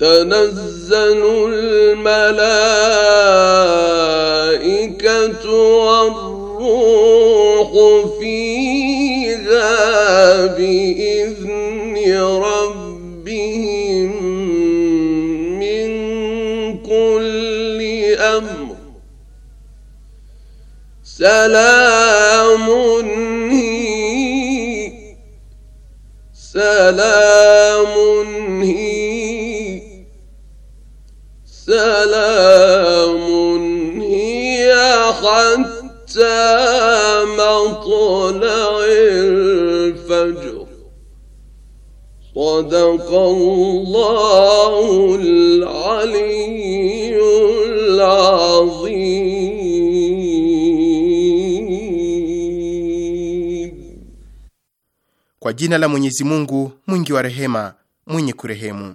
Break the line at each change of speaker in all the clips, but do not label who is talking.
تنزل الملائكة والروح فيها بإذن ربهم من كل أمر سلام سلام هي salamun hiya hatta matla'il fajr. Sadaqallahul aliyyul azim.
Kwa jina la Mwenyezi Mungu mwingi wa rehema mwenye kurehemu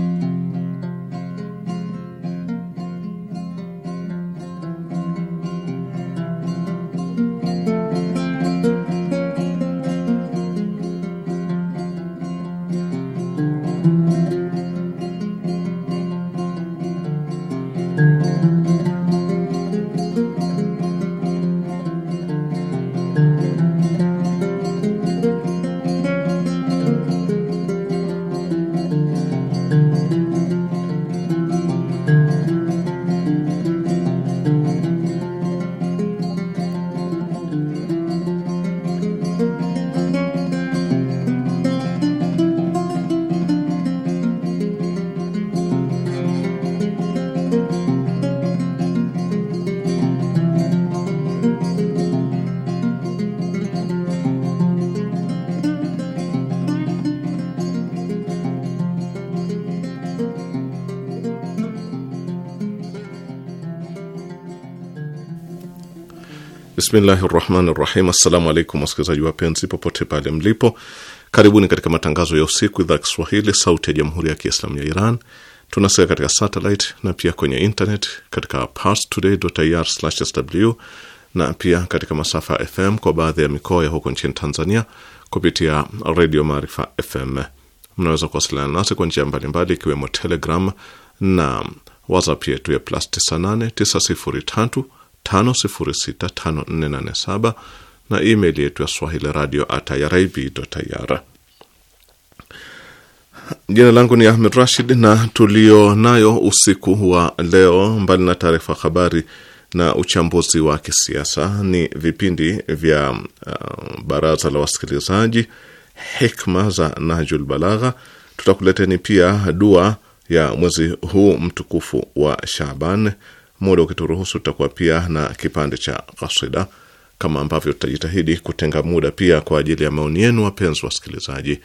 Bismillahi rahmani rahim. Assalamu alaikum waskilizaji wapenzi popote pale mlipo, karibuni katika matangazo ya usiku, idhaa ya Kiswahili sauti ya jamhuri ya Kiislamu ya Iran. Tunasika katika satellite na pia kwenye internet katika parstoday.ir/sw na pia katika masafa ya FM kwa baadhi ya mikoa ya huko nchini Tanzania kupitia redio Maarifa FM. Mnaweza kuwasiliana nasi kwa njia mbalimbali ikiwemo Telegram na WhatsApp yetu ya plus 98 903 5065487 na email yetu ya swahili radio at Jina langu ni Ahmed Rashid, na tulio nayo usiku wa leo, mbali na taarifa habari na uchambuzi wa kisiasa, ni vipindi vya uh, baraza la wasikilizaji, hikma za Nahjul Balagha. Tutakuleteni pia dua ya mwezi huu mtukufu wa Shaaban Muda ukituruhusu, tutakuwa pia na kipande cha kasida, kama ambavyo tutajitahidi kutenga muda pia kwa ajili ya maoni yenu, wapenzi wasikilizaji.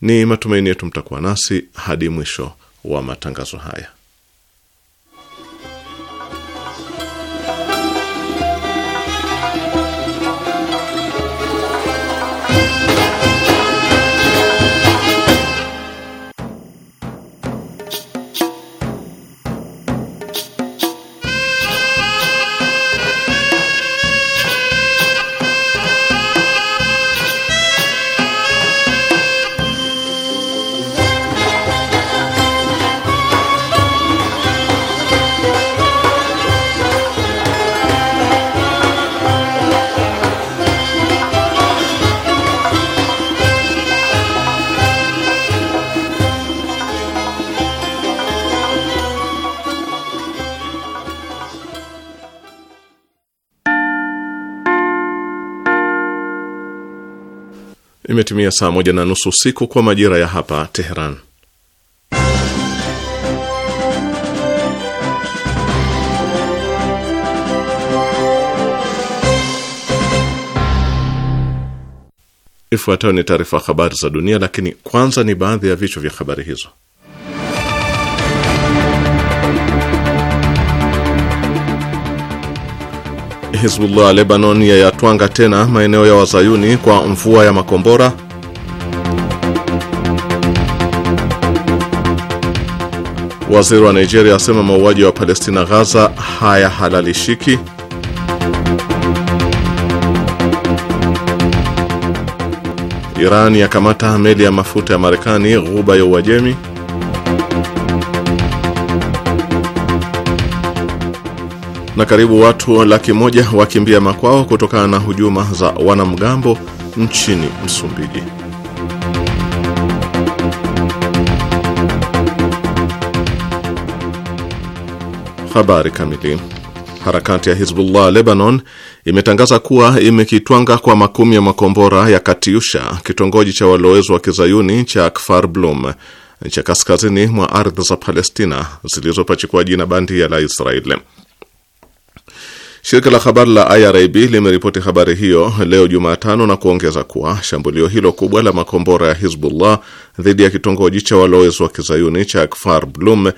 Ni matumaini yetu mtakuwa nasi hadi mwisho wa matangazo haya. imetimia saa moja na nusu usiku kwa majira ya hapa Teheran. Ifuatayo ni taarifa habari za dunia, lakini kwanza ni baadhi ya vichwa vya habari hizo. Hizbullah Lebanon yayatwanga tena maeneo ya wazayuni kwa mvua ya makombora. Waziri wa Nigeria asema mauaji wa Palestina Gaza hayahalalishiki. Iran yakamata meli ya mafuta ya Marekani ghuba ya Uajemi. na karibu watu laki moja wakimbia makwao kutokana na hujuma za wanamgambo nchini Msumbiji. Habari kamili. Harakati ya Hizbullah Lebanon imetangaza kuwa imekitwanga kwa makumi ya makombora ya katiusha kitongoji cha walowezi wa kizayuni cha Kfar Blum cha kaskazini mwa ardhi za Palestina zilizopachikwa jina bandia la Israeli. Shirika la habari la IRIB limeripoti habari hiyo leo Jumatano na kuongeza kuwa shambulio hilo kubwa la makombora ya Hizbullah dhidi ya kitongoji cha walowezi wa kizayuni cha Kfar Blum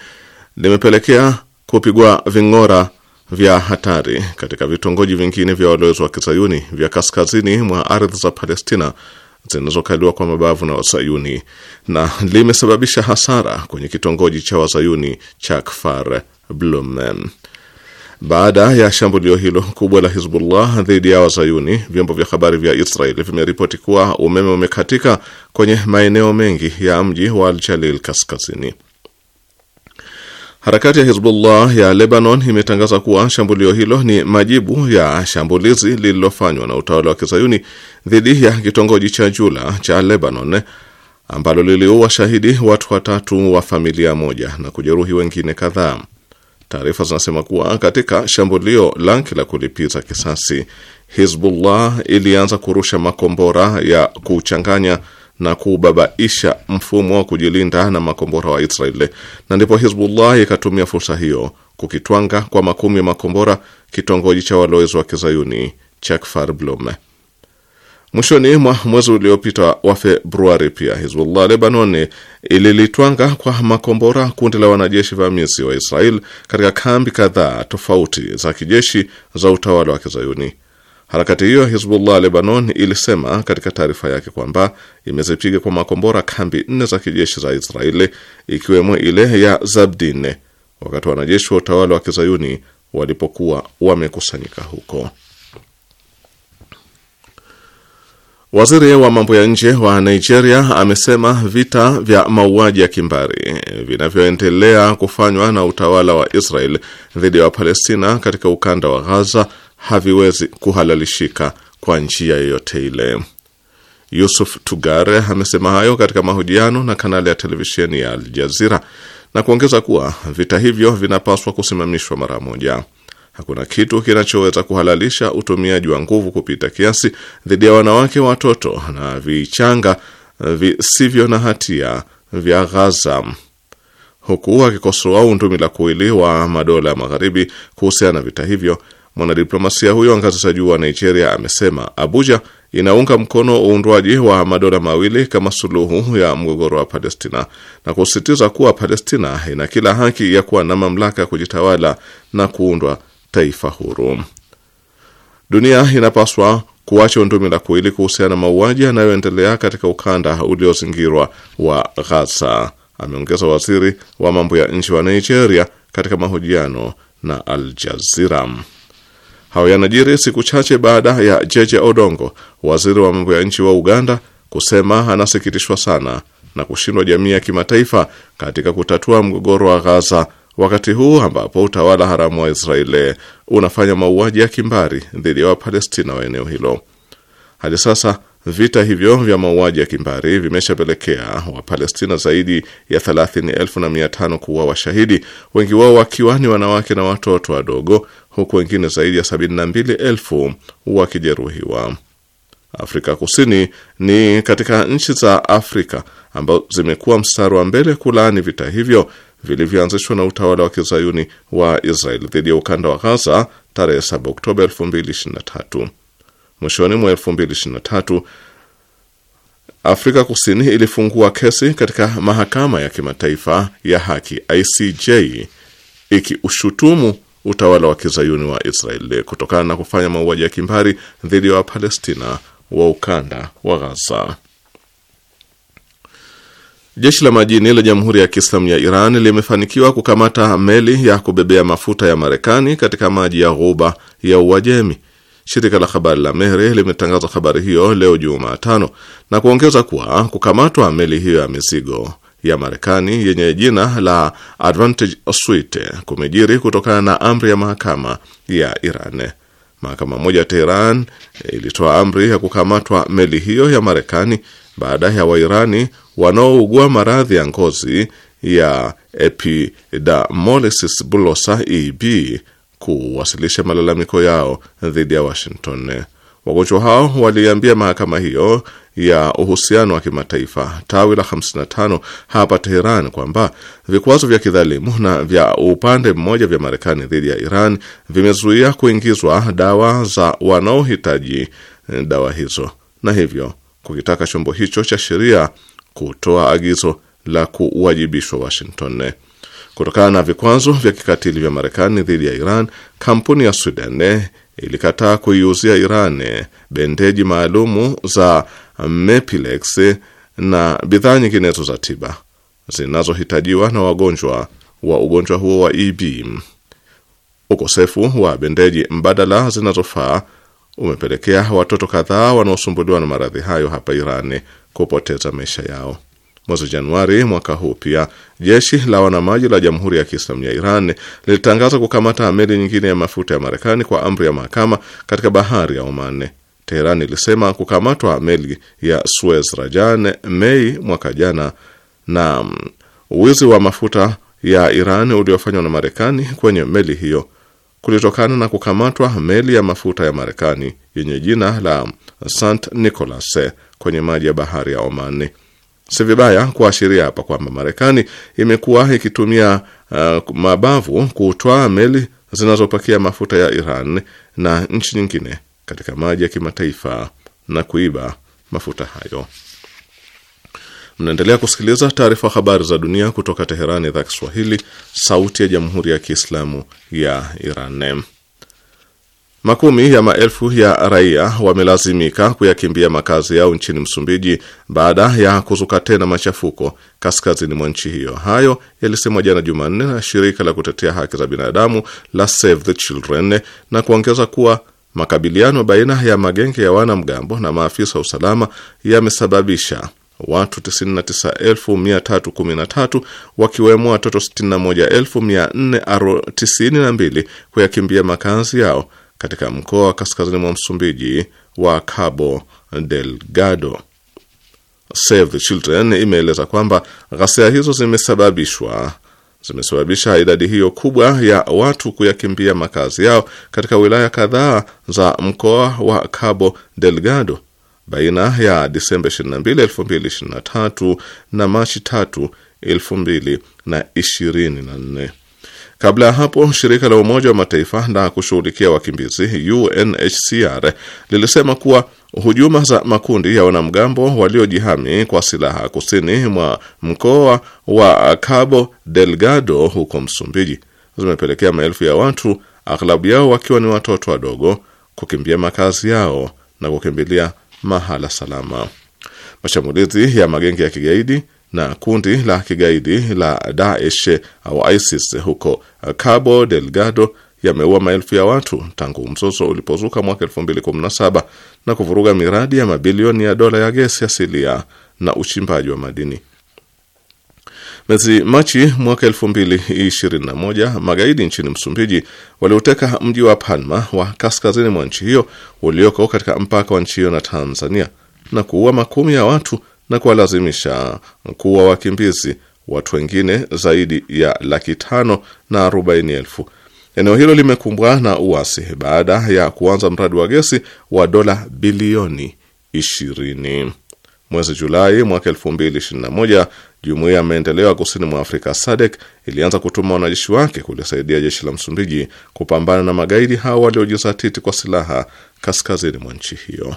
limepelekea kupigwa ving'ora vya hatari katika vitongoji vingine vya walowezi wa kizayuni vya kaskazini mwa ardhi za Palestina zinazokaliwa kwa mabavu na Wazayuni na limesababisha hasara kwenye kitongoji cha Wazayuni cha Kfar Blum. Baada ya shambulio hilo kubwa la Hizbullah dhidi ya Wazayuni, vyombo vya habari vya Israel vimeripoti kuwa umeme umekatika kwenye maeneo mengi ya mji wa Aljalil kaskazini. Harakati ya Hizbullah ya Lebanon imetangaza kuwa shambulio hilo ni majibu ya shambulizi lililofanywa na utawala wa kizayuni dhidi ya kitongoji cha Jula cha Lebanon ambalo liliua shahidi watu watatu wa familia moja na kujeruhi wengine kadhaa. Taarifa zinasema kuwa katika shambulio lake la kulipiza kisasi, Hizbullah ilianza kurusha makombora ya kuchanganya na kubabaisha mfumo wa kujilinda na makombora wa Israeli, na ndipo Hizbullah ikatumia fursa hiyo kukitwanga kwa makumi ya makombora kitongoji cha walowezi wa kizayuni cha Kfar Mwishoni mwa mwezi uliopita wa Februari pia Hizbullah Lebanoni ililitwanga kwa makombora kundi la wanajeshi vamizi wa Israel katika kambi kadhaa tofauti za kijeshi za utawala wa Kizayuni. Harakati hiyo Hizbullah Lebanon ilisema katika taarifa yake kwamba imezipiga kwa makombora kambi nne za kijeshi za Israeli ikiwemo ile ya Zabdine wakati wanajeshi wa utawala wa Kizayuni walipokuwa wamekusanyika huko. Waziri wa mambo ya nje wa Nigeria amesema vita vya mauaji ya kimbari vinavyoendelea kufanywa na utawala wa Israel dhidi ya Wapalestina katika ukanda wa Gaza haviwezi kuhalalishika kwa njia yoyote ile. Yusuf Tugare amesema hayo katika mahojiano na kanali ya televisheni ya Al Jazeera na kuongeza kuwa vita hivyo vinapaswa kusimamishwa mara moja. Hakuna kitu kinachoweza kuhalalisha utumiaji wa nguvu kupita kiasi dhidi ya wanawake, watoto na vichanga visivyo na hatia vya Ghaza, huku akikosoa undumi la kuwili wa madola ya magharibi kuhusiana na vita hivyo. Mwanadiplomasia huyo wa ngazi za juu wa Nigeria amesema Abuja inaunga mkono uundwaji wa madola mawili kama suluhu ya mgogoro wa Palestina na kusisitiza kuwa Palestina ina kila haki ya kuwa na mamlaka ya kujitawala na kuundwa taifa huru. Dunia inapaswa kuacha undumi la kuili kuhusiana na mauaji yanayoendelea katika ukanda uliozingirwa wa Ghaza, ameongeza waziri wa mambo ya nchi wa Nigeria katika mahojiano na Al Jazeera. Hayo yanajiri siku chache baada ya Jeje Odongo, waziri wa mambo ya nchi wa Uganda, kusema anasikitishwa sana na kushindwa jamii ya kimataifa katika kutatua mgogoro wa Ghaza wakati huu ambapo utawala haramu wa Israeli unafanya mauaji ya kimbari dhidi ya Wapalestina wa eneo hilo. Hadi sasa vita hivyo vya mauaji ya kimbari vimeshapelekea Wapalestina zaidi ya 35 kuwa washahidi, wengi wao wakiwa ni wanawake na watoto wadogo, huku wengine zaidi ya sabini wakijeruhiwa. Afrika Kusini ni katika nchi za Afrika ambazo zimekuwa mstari wa mbele kulaani vita hivyo vilivyoanzishwa na utawala wa kizayuni wa Israel dhidi ya ukanda wa Ghaza tarehe 7 Oktoba 2023. Mwishoni mwa 2023, Afrika Kusini ilifungua kesi katika mahakama ya kimataifa ya haki ICJ ikiushutumu utawala wa kizayuni wa Israel kutokana na kufanya mauaji ya kimbari dhidi ya Wapalestina wa ukanda wa Ghaza. Jeshi la majini la Jamhuri ya Kiislamu ya Iran limefanikiwa kukamata meli ya kubebea mafuta ya Marekani katika maji ya ghuba ya Uajemi. Shirika la habari la Mehri limetangaza habari hiyo leo Jumatano na kuongeza kuwa kukamatwa meli hiyo ya mizigo ya Marekani yenye jina la Advantage Suite kumejiri kutokana na amri ya mahakama ya Iran. Mahakama moja ya Teheran ilitoa amri ya kukamatwa meli hiyo ya Marekani baada ya Wairani wanaougua maradhi ya ngozi ya epidamolysis bullosa EB kuwasilisha malalamiko yao dhidi ya Washington. Wagonjwa hao waliambia mahakama hiyo ya uhusiano wa kimataifa tawi la 55 hapa Teheran kwamba vikwazo vya kidhalimu na vya upande mmoja vya Marekani dhidi ya Iran vimezuia kuingizwa dawa za wanaohitaji dawa hizo na hivyo kukitaka chombo hicho cha sheria kutoa agizo la kuwajibishwa Washington kutokana na vikwazo vya kikatili vya Marekani dhidi ya Iran. Kampuni ya Sweden ilikataa kuiuzia Iran bendeji maalumu za Mepilex na bidhaa nyinginezo za tiba zinazohitajiwa na wagonjwa wa ugonjwa huo wa EB. Ukosefu wa bendeji mbadala zinazofaa umepelekea watoto kadhaa wanaosumbuliwa na maradhi hayo hapa Iran kupoteza maisha yao. Mwezi Januari mwaka huu pia jeshi la wanamaji la Jamhuri ya Kiislamu ya Iran lilitangaza kukamata meli nyingine ya mafuta ya Marekani kwa amri ya mahakama katika bahari ya Oman. Teheran ilisema kukamatwa meli ya Suez Rajan Mei mwaka jana na mm, wizi wa mafuta ya Iran uliofanywa na Marekani kwenye meli hiyo kulitokana na kukamatwa meli ya mafuta ya Marekani yenye jina la St Nicholas kwenye maji ya bahari ya Oman. Si vibaya kuashiria hapa kwamba Marekani imekuwa ikitumia uh, mabavu kutwaa meli zinazopakia mafuta ya Iran na nchi nyingine katika maji ya kimataifa na kuiba mafuta hayo. Mnaendelea kusikiliza taarifa habari za dunia kutoka Teherani, idhaa Kiswahili, sauti ya jamhuri ya kiislamu ya Iran. Makumi ya maelfu ya raia wamelazimika kuyakimbia makazi yao nchini Msumbiji baada ya kuzuka tena machafuko kaskazini mwa nchi hiyo. Hayo yalisemwa jana Jumanne na shirika la kutetea haki za binadamu la Save the Children na kuongeza kuwa makabiliano baina ya magenge ya wanamgambo na maafisa wa usalama yamesababisha watu 99313 wakiwemo watoto 61492 kuyakimbia makazi yao katika mkoa wa kaskazini mwa Msumbiji wa Cabo Delgado. Save the Children imeeleza kwamba ghasia hizo zimesababishwa zimesababisha idadi hiyo kubwa ya watu kuyakimbia makazi yao katika wilaya kadhaa za mkoa wa Cabo Delgado baina ya Disemba 22, 2023 na Machi 3, 2024. Kabla ya hapo shirika la Umoja wa Mataifa la kushughulikia wakimbizi UNHCR lilisema kuwa hujuma za makundi ya wanamgambo waliojihami kwa silaha kusini mwa mkoa wa Cabo Delgado huko Msumbiji zimepelekea maelfu ya watu, aghlabu yao wakiwa ni watoto wadogo, kukimbia makazi yao na kukimbilia mahala salama. Mashambulizi ya magenge ya kigaidi na kundi la kigaidi la Daesh au ISIS huko Cabo Delgado yameua maelfu ya watu tangu mzozo ulipozuka mwaka 2017 na kuvuruga miradi ya mabilioni ya dola ya gesi asilia na uchimbaji wa madini. Mwezi Machi mwaka 2021 magaidi nchini Msumbiji walioteka mji wa Palma wa kaskazini mwa nchi hiyo ulioko katika mpaka wa nchi hiyo na Tanzania na kuua makumi ya watu na kuwalazimisha kuwa wakimbizi watu wengine zaidi ya laki tano na arobaini elfu. Eneo hilo limekumbwa na uasi baada ya kuanza mradi wa gesi wa dola bilioni ishirini. Mwezi Julai mwaka Jumuiya ya maendeleo ya kusini mwa Afrika SADC ilianza kutuma wanajeshi wake kulisaidia jeshi la Msumbiji kupambana na magaidi hao waliojizatiti kwa silaha kaskazini mwa nchi hiyo.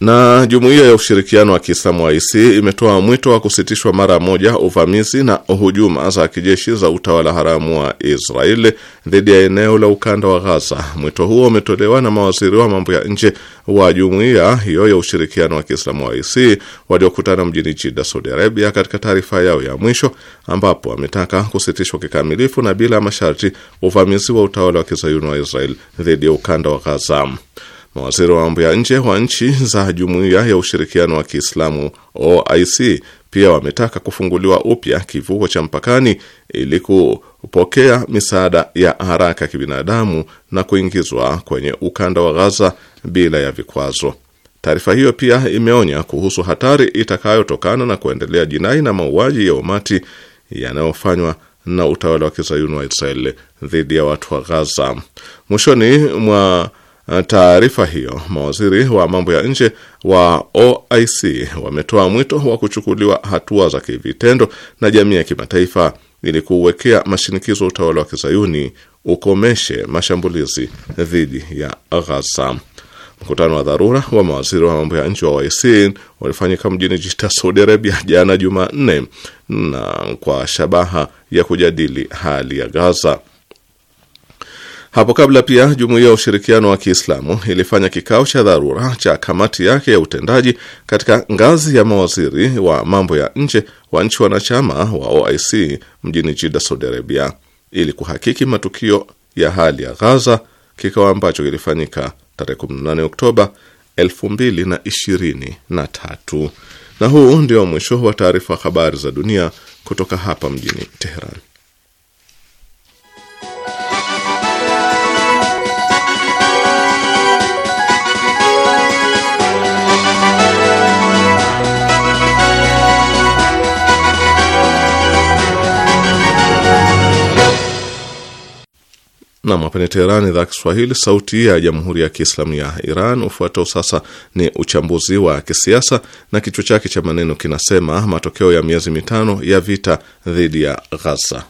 Na jumuiya ya ushirikiano wa Kiislamu wa IC imetoa mwito wa kusitishwa mara moja uvamizi na hujuma za kijeshi za utawala haramu wa Israeli dhidi ya eneo la ukanda wa Gaza. Mwito huo umetolewa na mawaziri wa mambo ya nje wa jumuiya hiyo ya ushirikiano wa Kiislamu wa IC waliokutana mjini Jida, Saudi Arabia, katika taarifa yao ya mwisho, ambapo wametaka kusitishwa kikamilifu na bila masharti uvamizi wa utawala wa kizayuni wa Israeli dhidi ya ukanda wa Gaza. Mawaziri wa mambo ya nje wa nchi za Jumuiya ya Ushirikiano wa Kiislamu OIC pia wametaka kufunguliwa upya kivuko cha mpakani ili kupokea misaada ya haraka ya kibinadamu na kuingizwa kwenye ukanda wa Gaza bila ya vikwazo. Taarifa hiyo pia imeonya kuhusu hatari itakayotokana na kuendelea jinai na mauaji ya umati yanayofanywa na utawala wa kizayuni wa israel dhidi ya watu wa Gaza. Mwishoni mwa Eh, taarifa hiyo, mawaziri wa mambo ya nje wa OIC wametoa mwito wa kuchukuliwa hatua za kivitendo na jamii ya kimataifa ili kuwekea mashinikizo utawala wa kizayuni ukomeshe mashambulizi dhidi ya Ghaza. Mkutano wa dharura wa mawaziri wa mambo ya nje wa OIC ulifanyika mjini jita Saudi Arabia jana Jumanne, na kwa shabaha ya kujadili hali ya Gaza. Hapo kabla pia Jumuiya ya Ushirikiano wa Kiislamu ilifanya kikao cha dharura cha kamati yake ya utendaji katika ngazi ya mawaziri wa mambo ya nje wa nchi wanachama wa OIC mjini Jida, Saudi Arabia, ili kuhakiki matukio ya hali ya Ghaza, kikao ambacho kilifanyika tarehe 18 Oktoba 2023. Na huu ndio mwisho wa taarifa habari za dunia kutoka hapa mjini Teheran. Nam hapane Teherani, idhaa Kiswahili, sauti ya jamhuri ya kiislamu ya Iran. Ufuatao sasa ni uchambuzi wa kisiasa na kichwa chake cha maneno kinasema matokeo ya miezi mitano ya vita dhidi ya Ghaza.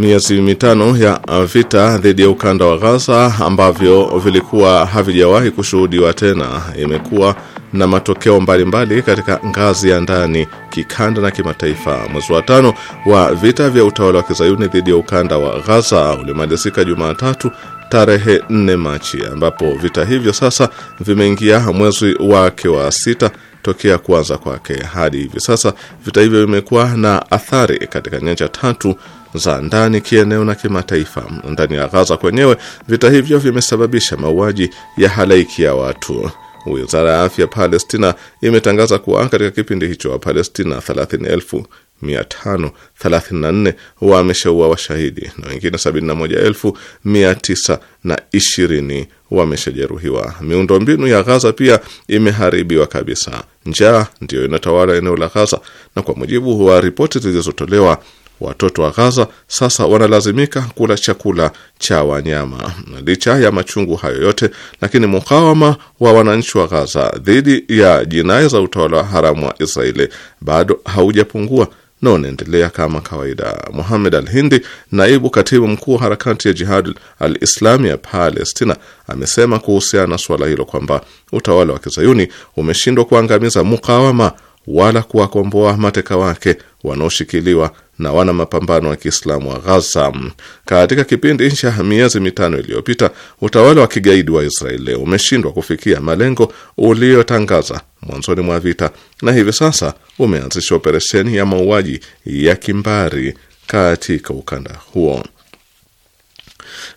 miezi mitano ya uh, vita dhidi ya ukanda wa Gaza ambavyo vilikuwa havijawahi kushuhudiwa tena, imekuwa na matokeo mbalimbali katika ngazi ya ndani, kikanda na kimataifa. Mwezi wa tano wa vita vya utawala wa kizayuni dhidi ya ukanda wa Gaza ulimalizika Jumatatu tarehe 4 Machi, ambapo vita hivyo sasa vimeingia mwezi wake wa sita tokea kuanza kwake. Hadi hivi sasa vita hivyo vimekuwa na athari katika nyanja tatu za ndani kieneo na kimataifa. Ndani ya Ghaza kwenyewe vita hivyo vimesababisha mauaji ya halaiki ya watu. Wizara ya afya Palestina imetangaza kuwa katika kipindi hicho Wapalestina 30,534 wameshaua washahidi na wengine 71,920 wameshajeruhiwa. Miundo mbinu ya Ghaza pia imeharibiwa kabisa. Njaa ndiyo inatawala eneo la Ghaza, na kwa mujibu wa ripoti zilizotolewa Watoto wa Gaza sasa wanalazimika kula chakula cha wanyama. Licha ya machungu hayo yote, lakini mukawama wa wananchi wa Gaza dhidi ya jinai za utawala wa haramu wa Israeli bado haujapungua na unaendelea kama kawaida. Muhamed Al Hindi, naibu katibu mkuu wa harakati ya Jihad Al Islami ya Palestina, amesema kuhusiana na suala hilo kwamba utawala wa kizayuni umeshindwa kuangamiza mukawama wala kuwakomboa mateka wake wanaoshikiliwa na wana mapambano wa Kiislamu wa Ghaza. Katika kipindi cha miezi mitano iliyopita, utawala wa kigaidi wa Israeli umeshindwa kufikia malengo uliotangaza mwanzoni mwa vita, na hivi sasa umeanzisha operesheni ya mauaji ya kimbari katika ukanda huo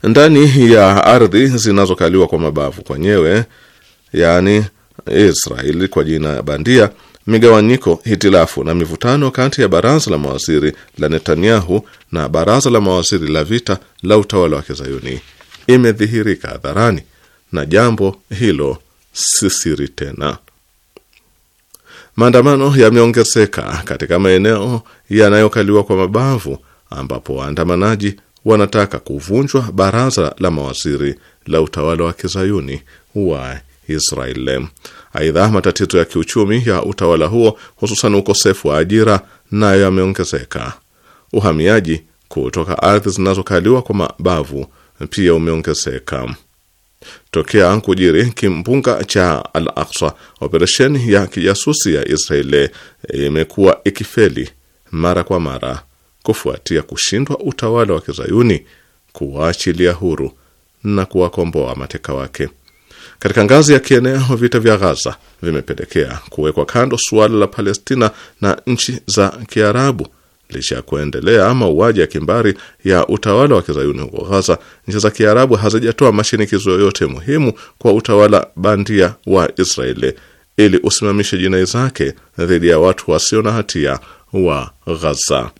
ndani ya ardhi zinazokaliwa kwa mabavu kwenyewe, yaani Israeli kwa jina bandia Migawanyiko, hitilafu na mivutano kati ya baraza la mawaziri la Netanyahu na baraza la mawaziri la vita la utawala wa kizayuni imedhihirika hadharani na jambo hilo sisiri tena. Maandamano yameongezeka katika maeneo yanayokaliwa kwa mabavu ambapo waandamanaji wanataka kuvunjwa baraza la mawaziri la utawala wa kizayuni wa Israel. Aidha, matatizo ya kiuchumi ya utawala huo, hususan ukosefu wa ajira, nayo yameongezeka. Uhamiaji kutoka ardhi zinazokaliwa kwa mabavu pia umeongezeka. Tokea kujiri kimbunga cha Al Aksa, operesheni ya kijasusi ya Israeli imekuwa ikifeli mara kwa mara kufuatia kushindwa utawala wa kizayuni kuwaachilia huru na kuwakomboa mateka wake. Katika ngazi ya kieneo, vita vya Ghaza vimepelekea kuwekwa kando suala la Palestina na nchi za Kiarabu. Licha ya kuendelea mauaji ya kimbari ya utawala wa kizayuni huko Ghaza, nchi za Kiarabu hazijatoa mashinikizo yoyote muhimu kwa utawala bandia wa Israeli ili usimamishe jinai zake dhidi ya watu wasio na hatia wa Ghaza.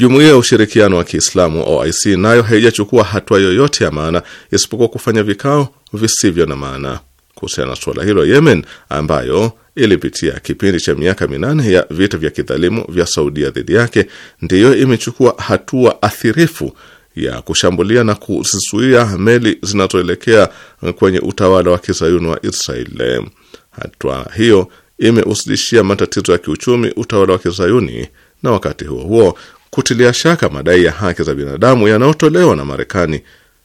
Jumuiya ya Ushirikiano wa Kiislamu OIC nayo haijachukua hatua yoyote ya maana isipokuwa kufanya vikao visivyo na maana kuhusiana na suala hilo. Yemen ambayo ilipitia kipindi cha miaka minane ya vita vya kidhalimu vya Saudia dhidi yake, ndiyo imechukua hatua athirifu ya kushambulia na kuzizuia meli zinazoelekea kwenye utawala wa kizayuni wa Israel. Hatua hiyo imehusilishia matatizo ya kiuchumi utawala wa kizayuni na wakati huo huo kutilia shaka madai ya haki za binadamu yanayotolewa na Marekani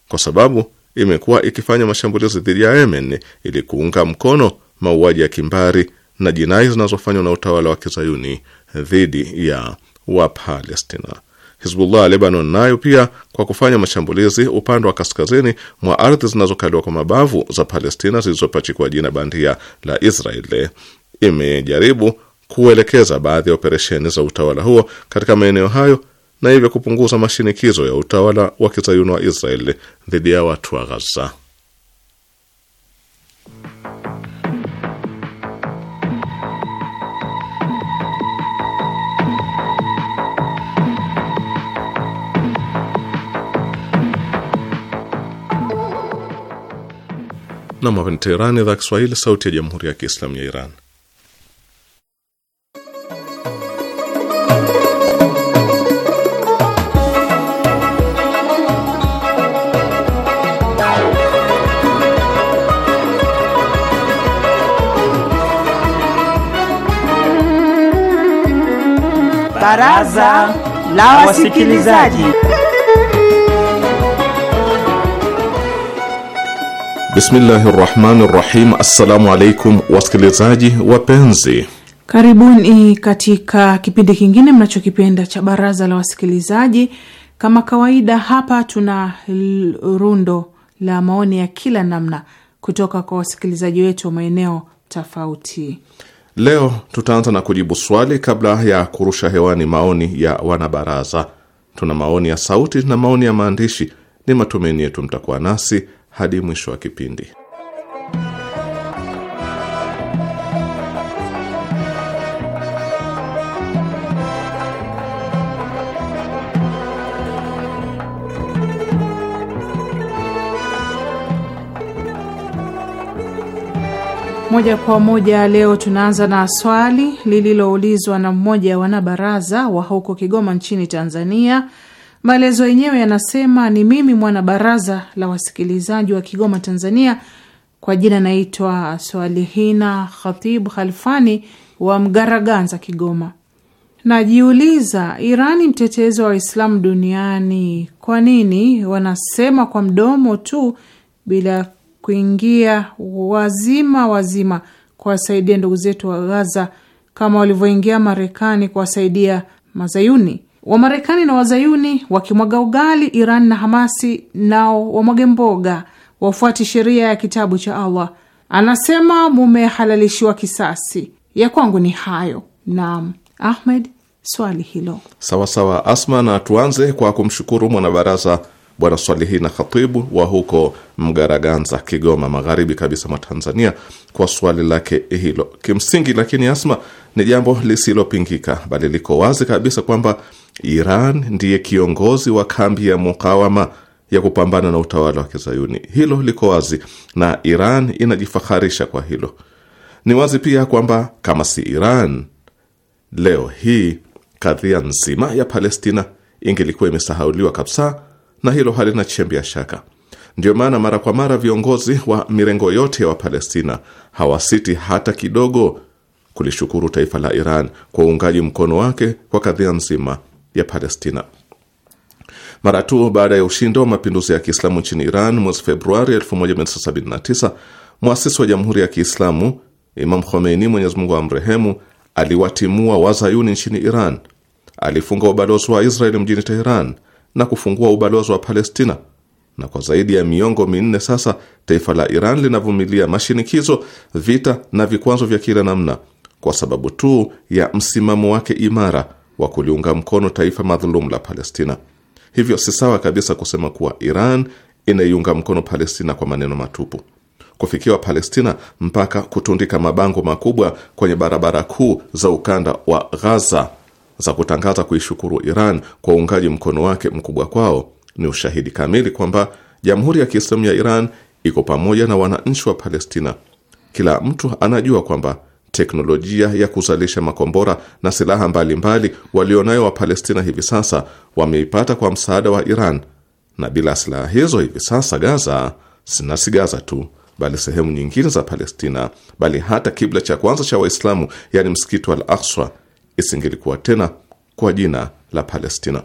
kwa sababu imekuwa ikifanya mashambulizi dhidi ya Yemen ili kuunga mkono mauaji ya kimbari na jinai zinazofanywa na utawala wa kizayuni dhidi ya Wapalestina. Hizbullah Lebanon nayo pia kwa kufanya mashambulizi upande wa kaskazini mwa ardhi zinazokaliwa kwa mabavu za Palestina zilizopachikwa jina bandia la Israeli imejaribu kuelekeza baadhi ya operesheni za utawala huo katika maeneo hayo na hivyo kupunguza mashinikizo ya utawala wa kizayuni wa Israeli dhidi ya watu wa Ghaza. Namapeni Teherani, idhaa Kiswahili, sauti ya jamhuri ya kiislamu ya Iran.
Baraza la Wasikilizaji.
Bismillahi rahmani rahim. Assalamu alaikum wasikilizaji wapenzi,
karibuni katika kipindi kingine mnachokipenda cha Baraza la Wasikilizaji. Kama kawaida, hapa tuna rundo la maoni ya kila namna kutoka kwa wasikilizaji wetu wa maeneo tofauti.
Leo tutaanza na kujibu swali kabla ya kurusha hewani maoni ya wanabaraza. Tuna maoni ya sauti na maoni ya maandishi. Ni matumaini yetu mtakuwa nasi hadi mwisho wa kipindi.
moja kwa moja. Leo tunaanza na swali lililoulizwa na mmoja wa wanabaraza wa huko Kigoma nchini Tanzania. Maelezo yenyewe yanasema: ni mimi mwana baraza la wasikilizaji wa Kigoma, Tanzania. Kwa jina naitwa Swalihina khatib Khalfani wa Mgaraganza, Kigoma. Najiuliza, Irani mtetezi wa Waislamu duniani, kwa nini wanasema kwa mdomo tu bila kuingia wazima wazima kuwasaidia ndugu zetu wa Gaza kama walivyoingia Marekani kuwasaidia Mazayuni. Wamarekani na Wazayuni wakimwaga ugali Iran na Hamasi nao wamwage mboga, wafuati sheria ya kitabu cha Allah. Anasema mumehalalishiwa kisasi. Ya kwangu ni hayo. Naam, Ahmed, swali hilo
sawasawa. Asma, na tuanze kwa kumshukuru mwanabaraza Bwana Swalihina Khatibu wa huko Mgaraganza, Kigoma, magharibi kabisa mwa Tanzania, kwa swali lake hilo kimsingi, lakini Asma, ni jambo lisilopingika, bali liko wazi kabisa kwamba Iran ndiye kiongozi wa kambi ya mukawama ya kupambana na utawala wa Kizayuni. Hilo liko wazi na Iran inajifaharisha kwa hilo. Ni wazi pia kwamba kama si Iran, leo hii kadhia nzima ya Palestina ingelikuwa imesahauliwa kabisa na hilo halina chembe ya shaka. Ndiyo maana mara kwa mara viongozi wa mirengo yote ya wa Wapalestina hawasiti hata kidogo kulishukuru taifa la Iran kwa uungaji mkono wake kwa kadhia nzima ya Palestina. Mara tu baada ya ushindi wa mapinduzi ya Kiislamu nchini Iran mwezi Februari 1979, mwasisi wa Jamhuri ya Kiislamu Imam Khomeini, Mwenyezi Mungu amrehemu, aliwatimua wazayuni nchini Iran, alifunga ubalozi wa Israeli mjini Teheran na kufungua ubalozi wa Palestina, na kwa zaidi ya miongo minne sasa taifa la Iran linavumilia mashinikizo, vita na vikwazo vya kila namna kwa sababu tu ya msimamo wake imara wa kuliunga mkono taifa madhulumu la Palestina. Hivyo si sawa kabisa kusema kuwa Iran inaiunga mkono Palestina kwa maneno matupu. Kufikiwa Palestina mpaka kutundika mabango makubwa kwenye barabara kuu za ukanda wa Gaza za kutangaza kuishukuru Iran kwa uungaji mkono wake mkubwa kwao ni ushahidi kamili kwamba Jamhuri ya Kiislamu ya Iran iko pamoja na wananchi wa Palestina. Kila mtu anajua kwamba teknolojia ya kuzalisha makombora na silaha mbalimbali walionayo Wapalestina hivi sasa wameipata kwa msaada wa Iran, na bila silaha hizo hivi sasa Gaza sina si Gaza tu bali sehemu nyingine za Palestina, bali hata kibla cha kwanza cha Waislamu, yaani msikiti wa Al-Aqsa isingelikuwa tena kwa jina la Palestina.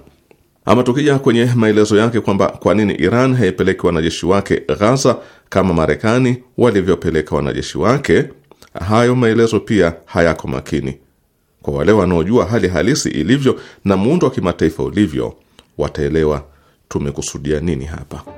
Ama tukija kwenye maelezo yake kwamba kwa nini Iran haipeleki wanajeshi wake Ghaza kama Marekani walivyopeleka wanajeshi wake, hayo maelezo pia hayako makini. Kwa wale wanaojua hali halisi ilivyo na muundo wa kimataifa ulivyo, wataelewa tumekusudia nini hapa.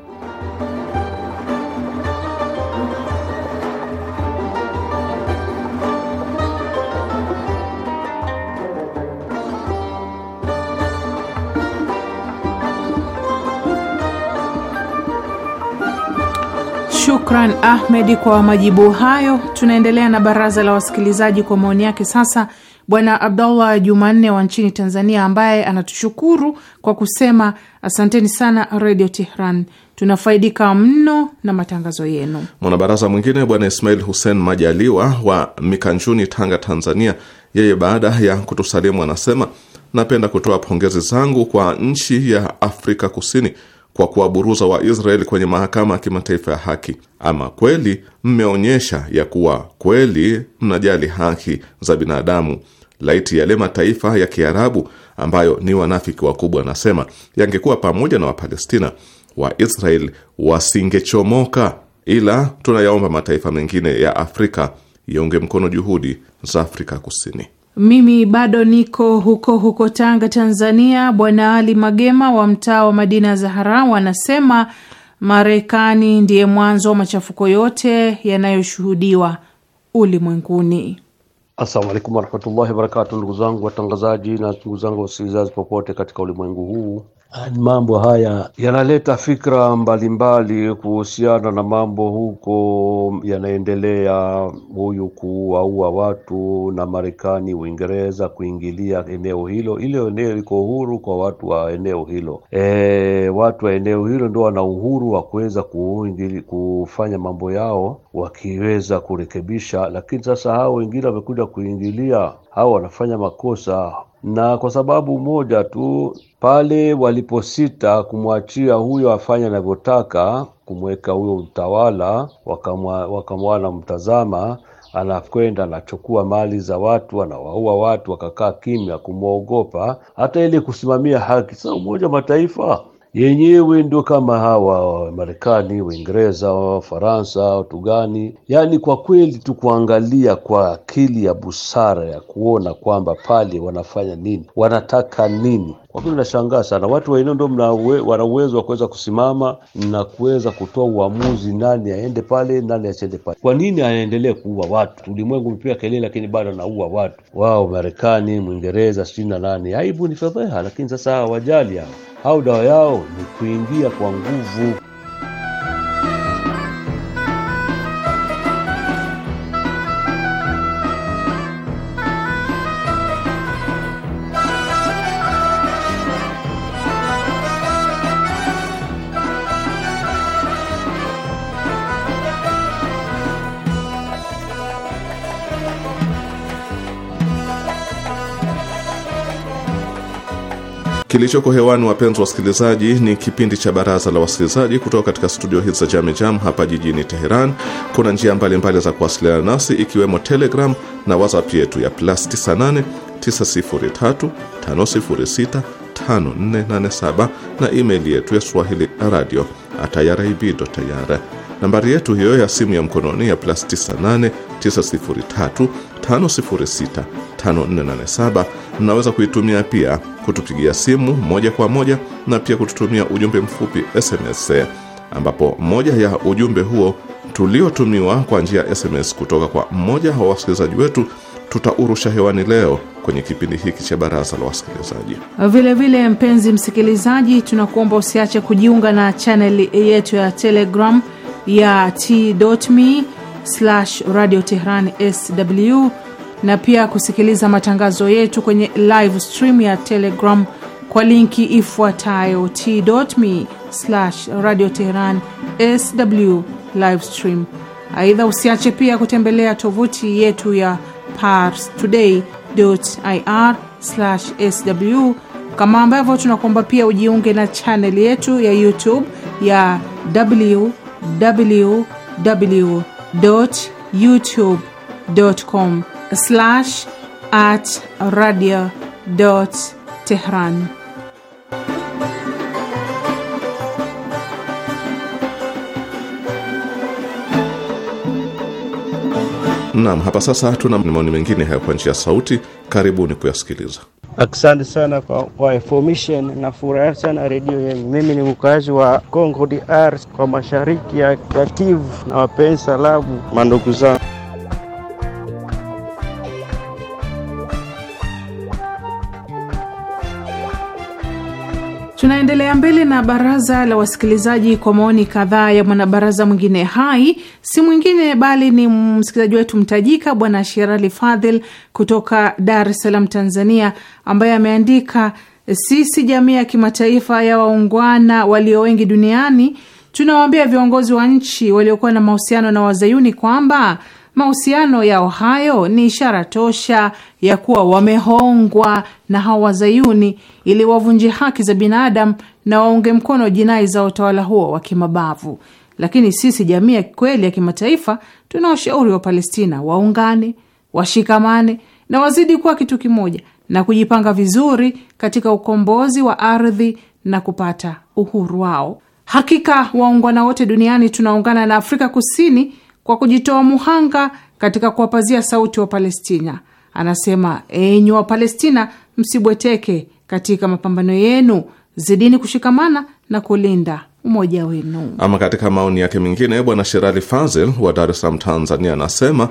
Shukran Ahmedi kwa majibu hayo. Tunaendelea na baraza la wasikilizaji kwa maoni yake. Sasa Bwana Abdallah Jumanne wa nchini Tanzania, ambaye anatushukuru kwa kusema asanteni sana Redio Tehran, tunafaidika mno na matangazo yenu.
Mwanabaraza mwingine Bwana Ismail Hussein Majaliwa wa Mikanjuni, Tanga, Tanzania, yeye baada ya kutusalimu anasema, napenda kutoa pongezi zangu kwa nchi ya Afrika Kusini kwa kuwaburuza Waisraeli kwenye mahakama ya kimataifa ya haki. Ama kweli mmeonyesha ya kuwa kweli mnajali haki za binadamu. Laiti yale mataifa ya Kiarabu ambayo ni wanafiki wakubwa, nasema yangekuwa pamoja na Wapalestina, Waisraeli wasingechomoka. Ila tunayaomba mataifa mengine ya Afrika yaunge mkono juhudi za Afrika Kusini.
Mimi bado niko huko huko Tanga, Tanzania. Bwana Ali Magema wa mtaa wa Madina Zaharau anasema Marekani ndiye mwanzo wa machafuko yote yanayoshuhudiwa ulimwenguni.
Assalamu alaikum warahmatullahi wabarakatu, ndugu zangu watangazaji na ndugu zangu wasikilizaji popote katika ulimwengu huu Mambo haya yanaleta fikra mbalimbali mbali kuhusiana na mambo huko yanaendelea, huyu kuwaua watu na Marekani, Uingereza kuingilia eneo hilo. Ile eneo liko huru kwa watu wa eneo hilo e, watu wa eneo hilo ndio wana uhuru wa kuweza kufanya mambo yao wakiweza kurekebisha, lakini sasa hao wengine wamekuja kuingilia, hao wanafanya makosa na kwa sababu moja tu pale waliposita kumwachia huyo afanye anavyotaka, kumweka huyo utawala, wakamwa wanamtazama anakwenda anachukua mali za watu, anawaua watu, wakakaa kimya kumwogopa, hata ili kusimamia haki. Sasa Umoja wa Mataifa yenyewe ndio kama hawa Wamarekani, Waingereza, Wafaransa, watu gani, yaani kwa kweli tu kuangalia kwa akili ya busara ya kuona kwamba pale wanafanya nini, wanataka nini. Kwa kweli nashangaa sana watu waeneo ndo wana uwezo wa kuweza kusimama na kuweza kutoa uamuzi, nani aende pale, nani asiende pale. Kwa nini anaendelea kuua watu? Ulimwengu umepiga kelele, lakini bado anaua watu. Wao Marekani, Mwingereza, sijui na nani. Aibu ni fedheha, lakini sasa hawajali hawa au dawa yao ni kuingia kwa nguvu.
Kilichoko hewani wapenzi wasikilizaji, ni kipindi cha baraza la wasikilizaji kutoka katika studio hizi za Jam Jam hapa jijini Teheran. Kuna njia mbalimbali mbali za kuwasiliana nasi ikiwemo Telegram na WhatsApp yetu ya plus 98 na email yetu ya swahili radio at Nambari yetu hiyo ya simu ya mkononi ya plus 98 903 mnaweza kuitumia pia kutupigia simu moja kwa moja na pia kututumia ujumbe mfupi SMS, ambapo moja ya ujumbe huo tuliotumiwa kwa njia ya SMS kutoka kwa mmoja wa wasikilizaji wetu tutaurusha hewani leo kwenye kipindi hiki cha baraza la wasikilizaji.
Vilevile mpenzi msikilizaji, tunakuomba usiache kujiunga na chaneli yetu ya Telegram ya t.me radio Tehran sw na pia kusikiliza matangazo yetu kwenye live stream ya Telegram kwa linki ifuatayo t.me radio Tehran sw live stream. Aidha, usiache pia kutembelea tovuti yetu ya Pars Today ir sw, kama ambavyo tunakuomba pia ujiunge na chaneli yetu ya YouTube ya w www.youtube.com slash at radio dot Tehran.
Naam, hapa sasa tuna maoni mengine hayo kwa njia sauti. Karibuni kuyasikiliza.
Asante sana kwa, kwa information na furaha sana redio yenu. Mimi ni mkazi wa Congo DR kwa mashariki ya, Kivu na wapenzi salamu mandugu zangu.
Tunaendelea mbele na baraza la wasikilizaji kwa maoni kadhaa ya mwanabaraza mwingine hai, si mwingine bali ni msikilizaji wetu mtajika Bwana Sherali Fadhil kutoka Dar es Salaam, Tanzania, ambaye ameandika sisi jamii ya kimataifa ya waungwana walio wengi duniani tunawaambia viongozi wa nchi waliokuwa na mahusiano na wazayuni kwamba Mahusiano yao hayo ni ishara tosha ya kuwa wamehongwa na hao wazayuni ili wavunje haki za binadamu na waunge mkono jinai za utawala huo wa kimabavu. Lakini sisi jamii ya kweli ya kimataifa tunaoshauri wa Palestina waungane, washikamane na wazidi kuwa kitu kimoja na kujipanga vizuri katika ukombozi wa ardhi na kupata uhuru wao. Hakika waungwana wote duniani tunaungana na Afrika Kusini kwa kujitoa muhanga katika kuwapazia sauti wa Palestina. Anasema, enyi wa Palestina, msibweteke katika mapambano yenu, zidini kushikamana na kulinda umoja wenu.
Ama katika maoni yake mengine, Bwana Sherali Fazel wa Dar es Salaam, Tanzania, anasema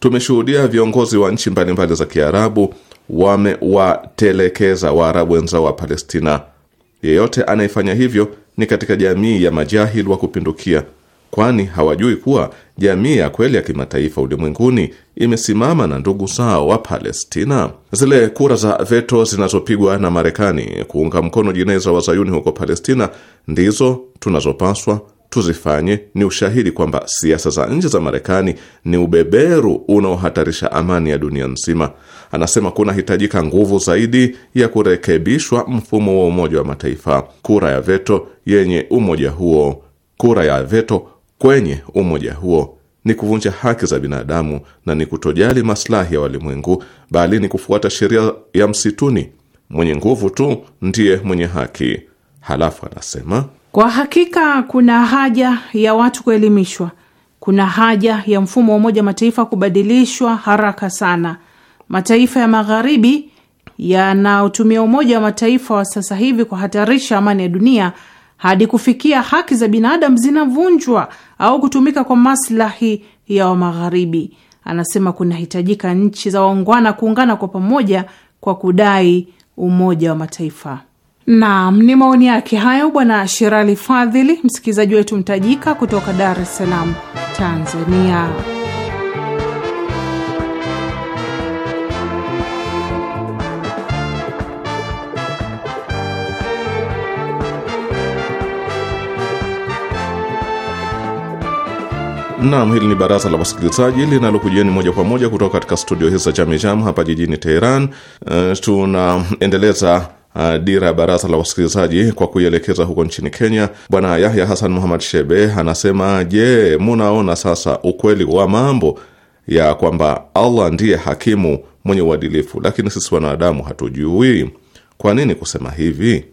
tumeshuhudia viongozi wa nchi mbalimbali za Kiarabu wamewatelekeza Waarabu wenzao wa Palestina. Yeyote anayefanya hivyo ni katika jamii ya majahil wa kupindukia kwani hawajui kuwa jamii ya kweli ya kimataifa ulimwenguni imesimama na ndugu zao wa Palestina. Zile kura za veto zinazopigwa na Marekani kuunga mkono jinai za wazayuni huko Palestina ndizo tunazopaswa tuzifanye. Ni ushahidi kwamba siasa za nje za Marekani ni ubeberu unaohatarisha amani ya dunia nzima. Anasema kunahitajika nguvu zaidi ya kurekebishwa mfumo wa Umoja wa Mataifa. Kura ya veto yenye umoja huo, kura ya veto kwenye umoja huo ni kuvunja haki za binadamu na ni kutojali maslahi ya walimwengu, bali ni kufuata sheria ya msituni. Mwenye nguvu tu ndiye mwenye haki. Halafu anasema
kwa hakika kuna haja ya watu kuelimishwa, kuna haja ya mfumo wa Umoja Mataifa kubadilishwa haraka sana. Mataifa ya Magharibi yanaotumia Umoja wa Mataifa wa sasa hivi kuhatarisha amani ya dunia hadi kufikia haki za binadamu zinavunjwa au kutumika kwa maslahi ya Wamagharibi. Anasema kunahitajika nchi za waungwana kuungana kwa pamoja kwa kudai umoja wa mataifa. Naam, ni maoni yake hayo Bwana Shirali Fadhili, msikilizaji wetu mtajika kutoka Dar es Salaam, Tanzania.
Naam, hili ni baraza la wasikilizaji linalokujieni moja kwa moja kutoka katika studio hizi za Jamjam hapa jijini Teheran. Uh, tunaendeleza Uh, dira ya baraza la wasikilizaji kwa kuielekeza huko nchini Kenya. Bwana Yahya Hassan Muhammad Shebe anasema, je, munaona sasa ukweli wa mambo ya kwamba Allah ndiye hakimu mwenye uadilifu, lakini sisi wanadamu hatujui. Kwa nini kusema hivi?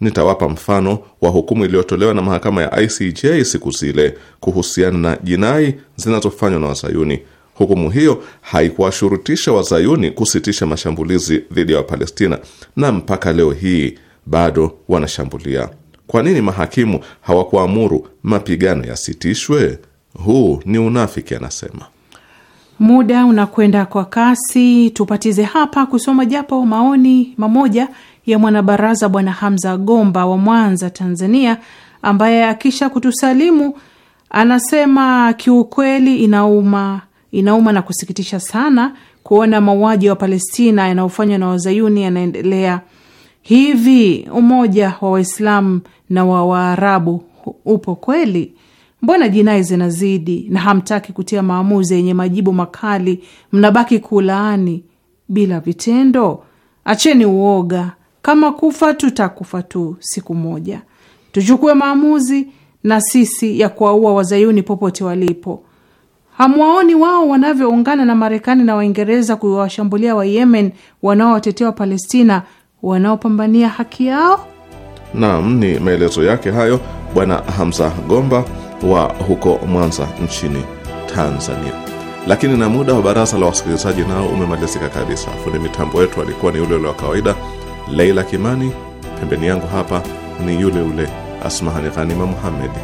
Nitawapa mfano wa hukumu iliyotolewa na mahakama ya ICJ siku zile kuhusiana na jinai zinazofanywa na Wazayuni. Hukumu hiyo haikuwashurutisha Wazayuni kusitisha mashambulizi dhidi ya Wapalestina, na mpaka leo hii bado wanashambulia. Kwa nini mahakimu hawakuamuru mapigano yasitishwe? Huu ni unafiki, anasema.
Muda unakwenda kwa kasi, tupatize hapa kusoma japo maoni mamoja ya mwanabaraza Bwana Hamza Gomba wa Mwanza, Tanzania, ambaye akisha kutusalimu anasema kiukweli, inauma, inauma na kusikitisha sana kuona mauaji wa Palestina yanayofanywa na wazayuni yanaendelea. Hivi umoja wa Waislamu na wa Waarabu upo kweli? Mbona jinai zinazidi na hamtaki kutia maamuzi yenye majibu makali? Mnabaki kulaani bila vitendo. Acheni uoga, kama kufa tutakufa tu siku moja. Tuchukue maamuzi na sisi ya kuwaua wazayuni popote walipo. Hamwaoni wao wanavyoungana na Marekani na Waingereza kuwashambulia wa Yemen wanaowatetea wa Palestina wanaopambania haki yao?
Naam, ni maelezo yake hayo Bwana Hamza Gomba wa huko Mwanza nchini Tanzania. Lakini na muda wa baraza la wasikilizaji nao umemalizika kabisa. Fundi mitambo wetu alikuwa ni ule ule wa kawaida Leila Kimani, pembeni yangu hapa ni yule yule Asmahani Ghanima Muhammedi,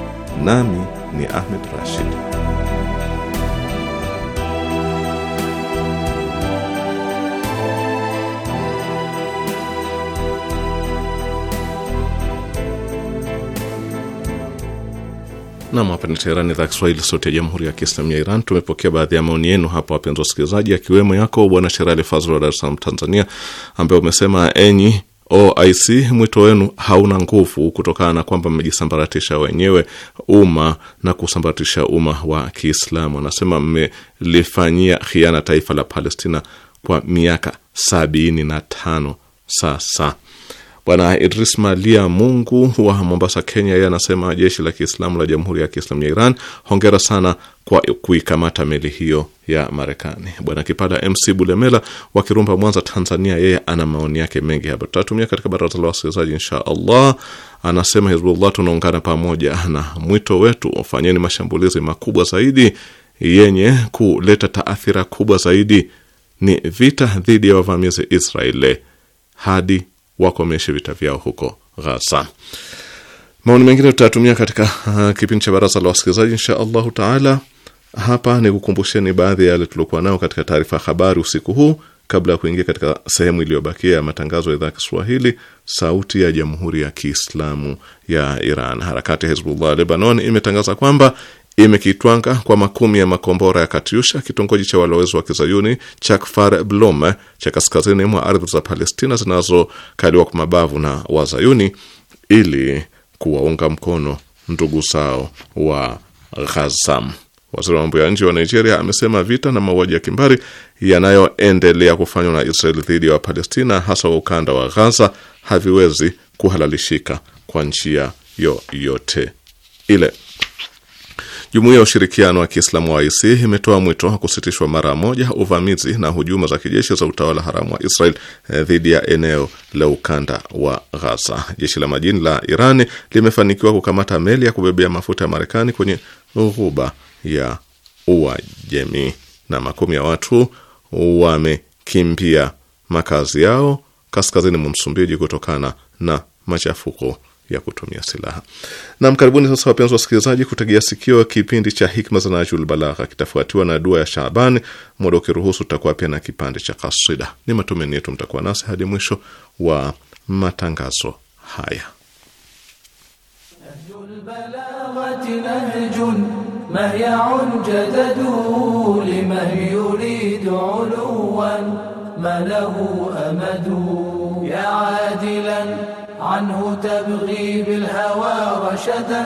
nami ni Ahmed Rashid. Nam, hapa ni Teherani, idhaa Kiswahili sauti ya jamhuri ya kiislamu ya Iran. Tumepokea baadhi ya maoni yenu hapa, wapenzi wasikilizaji, akiwemo yako bwana Sherali Fazl wa Dar es Salaam, Tanzania, ambaye umesema enyi OIC mwito wenu hauna nguvu kutokana na kwamba mmejisambaratisha wenyewe umma na kusambaratisha umma wa Kiislamu. Anasema mmelifanyia khiana taifa la Palestina kwa miaka sabini na tano sasa. Bwana Idris Malia Mungu wa Mombasa, Kenya, yeye anasema jeshi la Kiislamu la Jamhuri ya Kiislamu ya Iran, hongera sana kwa kuikamata meli hiyo ya Marekani. Bwana Kipada MC Bulemela wa Kirumba, Mwanza, Tanzania, yeye ana maoni yake mengi hapa, tutatumia katika baraza la wasikilizaji insha Allah. Anasema Hizbullah tunaungana pamoja, na mwito wetu fanyeni mashambulizi makubwa zaidi yenye kuleta taathira kubwa zaidi, ni vita dhidi ya wavamizi Israeli hadi wakomeshe vita vyao huko Ghaza. Maoni mengine tutayatumia katika uh, kipindi cha baraza la wasikilizaji insha allahu taala. Hapa ni kukumbusheni baadhi ya yale tuliokuwa nayo katika taarifa ya habari usiku huu kabla ya kuingia katika sehemu iliyobakia ya matangazo ya idhaa ya Kiswahili, sauti ya jamhuri ya kiislamu ya Iran. Harakati ya Hezbullah Lebanon imetangaza kwamba imekitwanga kwa makumi ya makombora ya Katyusha kitongoji cha walowezi wa kizayuni cha Kfar Blom cha kaskazini mwa ardhi za Palestina zinazokaliwa kwa mabavu na wazayuni ili kuwaunga mkono ndugu zao wa Ghaza. Waziri wa mambo ya nje wa Nigeria amesema vita na mauaji ya kimbari yanayoendelea kufanywa na israel dhidi ya wa Wapalestina, hasa wa ukanda wa Ghaza, haviwezi kuhalalishika kwa njia yoyote ile. Jumuiya ya Ushirikiano wa Kiislamu wa OIC imetoa mwito wa kusitishwa mara moja uvamizi na hujuma za kijeshi za utawala haramu wa Israel eh, dhidi ya eneo la ukanda wa Ghaza. Jeshi la majini la Iran limefanikiwa kukamata meli ya kubebea mafuta ya Marekani kwenye ghuba ya Uajemi, na makumi ya watu wamekimbia makazi yao kaskazini mwa Msumbiji kutokana na machafuko ya kutumia silaha. Nam, karibuni sasa wapenzi wasikilizaji, kutegea sikio kipindi cha hikma za Najul Balagha, kitafuatiwa na dua ya Shaabani. Muda ukiruhusu, tutakuwa pia na kipande cha kasida. Ni matumaini yetu mtakuwa nasi hadi mwisho wa matangazo haya.
Nahjul عنه تبغي بالهوى رشدا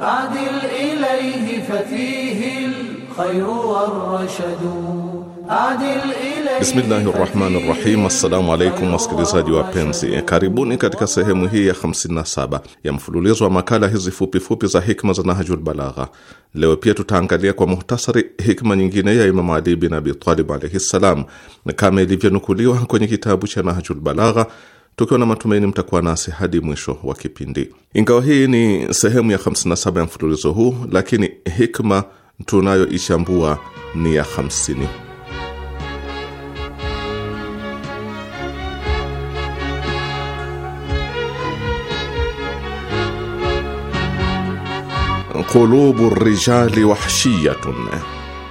عدل إليه ففيه الخير والرشد
Bismillahi rahmani rahim. Assalamu alaikum wasikilizaji wapenzi, karibuni katika sehemu hii ya 57 ya mfululizo wa makala hizi fupifupi za hikma za Nahjul Balagha. Leo pia tutaangalia kwa muhtasari hikma nyingine ya Imamu Ali bin Abi Talib alaihi ssalam, kama ilivyonukuliwa kwenye kitabu cha Nahjul Balagha tukiwa na matumaini mtakuwa nasi hadi mwisho wa kipindi. Ingawa hii ni sehemu ya 57 ya mfululizo huu, lakini hikma tunayoichambua ni ya 50. Qulubu rijali wahshiyatun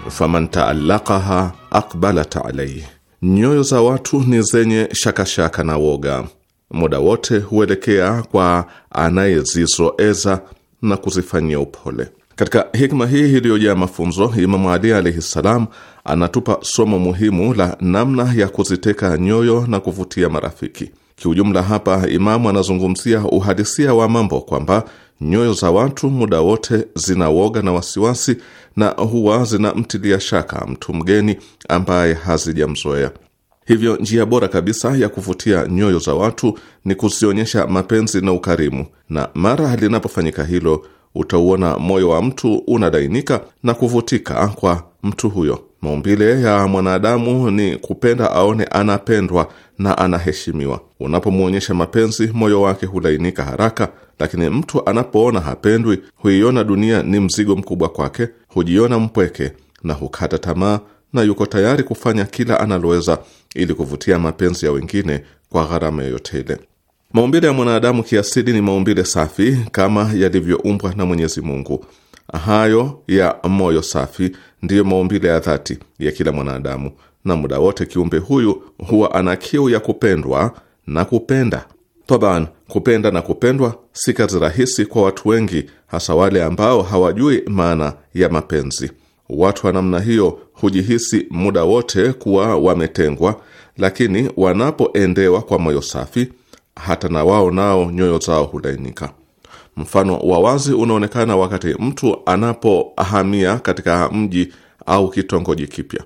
faman taallaqaha aqbalat alayhi Nyoyo za watu ni zenye shakashaka shaka na woga, muda wote huelekea kwa anayezizoeza na kuzifanyia upole. Katika hikma hii iliyojaa mafunzo, Imamu Ali alaihi ssalam anatupa somo muhimu la namna ya kuziteka nyoyo na kuvutia marafiki. Kiujumla, hapa Imamu anazungumzia uhalisia wa mambo kwamba nyoyo za watu muda wote zina woga na wasiwasi na huwa zinamtilia shaka mtu mgeni ambaye hazijamzoea. Hivyo njia bora kabisa ya kuvutia nyoyo za watu ni kuzionyesha mapenzi na ukarimu, na mara linapofanyika hilo, utauona moyo wa mtu unadainika na kuvutika kwa mtu huyo. Maumbile ya mwanadamu ni kupenda aone anapendwa na anaheshimiwa. Unapomwonyesha mapenzi, moyo wake hulainika haraka lakini mtu anapoona hapendwi, huiona dunia ni mzigo mkubwa kwake, hujiona mpweke na hukata tamaa, na yuko tayari kufanya kila analoweza ili kuvutia mapenzi ya wengine kwa gharama yoyote ile. Maumbile ya mwanadamu kiasili ni maumbile safi kama yalivyoumbwa na Mwenyezi Mungu. Hayo ya moyo safi ndiyo maumbile ya dhati ya kila mwanadamu, na muda wote kiumbe huyu huwa ana kiu ya kupendwa na kupenda Taban. Kupenda na kupendwa si kazi rahisi kwa watu wengi, hasa wale ambao hawajui maana ya mapenzi. Watu wa namna hiyo hujihisi muda wote kuwa wametengwa, lakini wanapoendewa kwa moyo safi, hata na wao nao nyoyo zao hulainika. Mfano wa wazi unaonekana wakati mtu anapohamia katika mji au kitongoji kipya.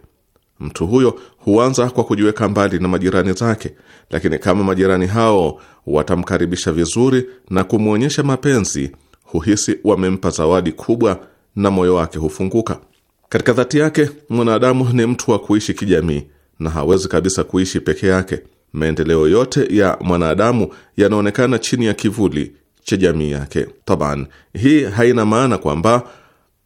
Mtu huyo huanza kwa kujiweka mbali na majirani zake, lakini kama majirani hao watamkaribisha vizuri na kumwonyesha mapenzi, huhisi wamempa zawadi kubwa na moyo wake hufunguka. Katika dhati yake, mwanadamu ni mtu wa kuishi kijamii na hawezi kabisa kuishi peke yake. Maendeleo yote ya mwanadamu yanaonekana chini ya kivuli cha jamii yake. Taban, hii haina maana kwamba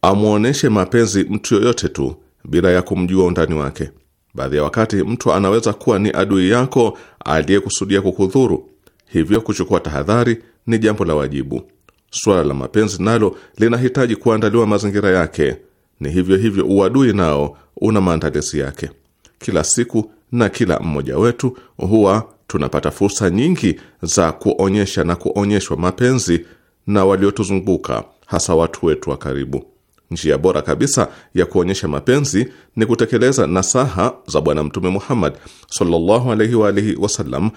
amwonyeshe mapenzi mtu yoyote tu bila ya kumjua undani wake. Baadhi ya wakati mtu anaweza kuwa ni adui yako aliyekusudia kukudhuru, hivyo kuchukua tahadhari ni jambo la wajibu. Swala la mapenzi nalo linahitaji kuandaliwa mazingira yake. Ni hivyo hivyo, uadui nao una maandalizi yake. Kila siku na kila mmoja wetu huwa tunapata fursa nyingi za kuonyesha na kuonyeshwa mapenzi na waliotuzunguka, hasa watu wetu wa karibu. Njia bora kabisa ya kuonyesha mapenzi ni kutekeleza nasaha za Bwana Mtume Muhammad sallallahu alaihi wa alihi wasallam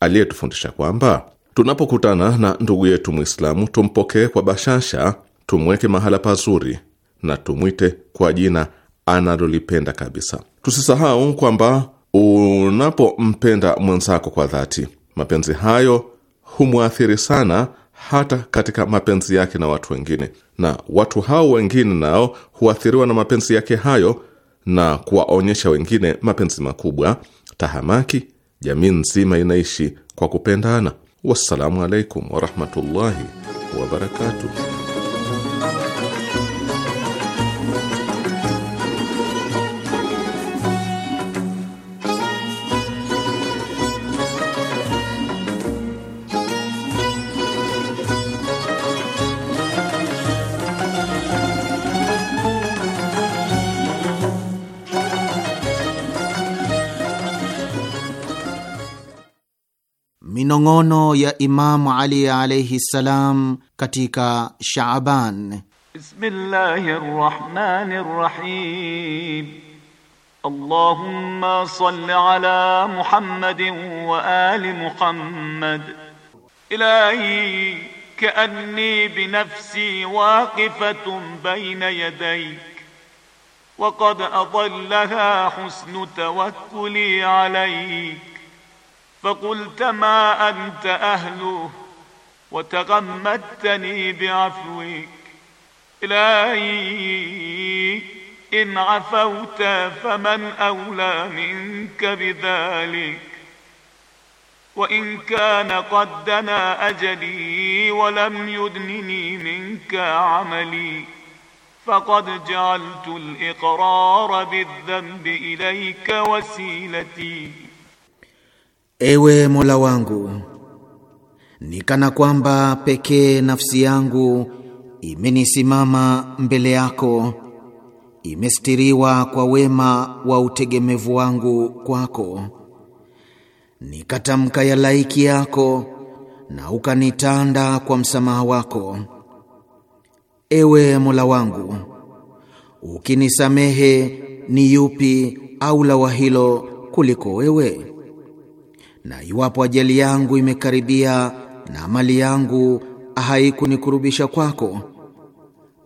aliyetufundisha kwamba tunapokutana na ndugu yetu Mwislamu tumpokee kwa bashasha, tumweke mahala pazuri na tumwite kwa jina analolipenda kabisa. Tusisahau kwamba unapompenda mwenzako kwa dhati, mapenzi hayo humwathiri sana hata katika mapenzi yake na watu wengine, na watu hao wengine nao huathiriwa na mapenzi yake hayo na kuwaonyesha wengine mapenzi makubwa. Tahamaki, jamii nzima inaishi kwa kupendana. Wassalamu alaikum warahmatullahi wabarakatuh.
minong'ono ya Imamu Ali alaihi ssalam katika Shaaban.
Bismillahi rahmani rahim. Allahumma salli ala Muhammadin wa ali Muhammad. Ilahi kaanni binafsi waqifatun bayna yadayk وقد أضلها حسن توكلي عليك فقلت ما أنت أهله وتغمدتني بعفوك إلهي إن عفوت فمن أولى منك بذلك وإن كان قد دنا أجلي ولم يدنني منك عملي فقد جعلت الإقرار
بالذنب إليك وسيلتي Ewe Mola wangu, nikana kwamba pekee nafsi yangu imenisimama mbele yako, imestiriwa kwa wema wa utegemevu wangu kwako, nikatamka ya laiki yako na ukanitanda kwa msamaha wako. Ewe Mola wangu, ukinisamehe ni yupi au la hilo kuliko wewe? na iwapo ajali yangu imekaribia na mali yangu haikunikurubisha kwako,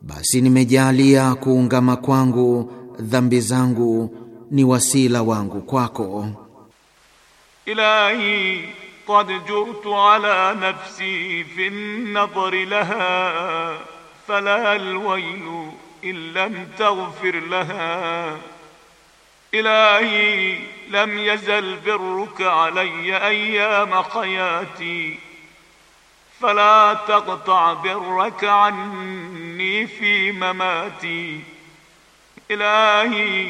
basi nimejalia kuungama kwangu dhambi zangu ni wasila wangu kwako.
Ilahi qad jurtu ala nafsi fi nadhri laha fala alwaylu illa taghfir laha إلهي لم يزل برك علي أيام حياتي فلا تقطع برك عني في مماتي إلهي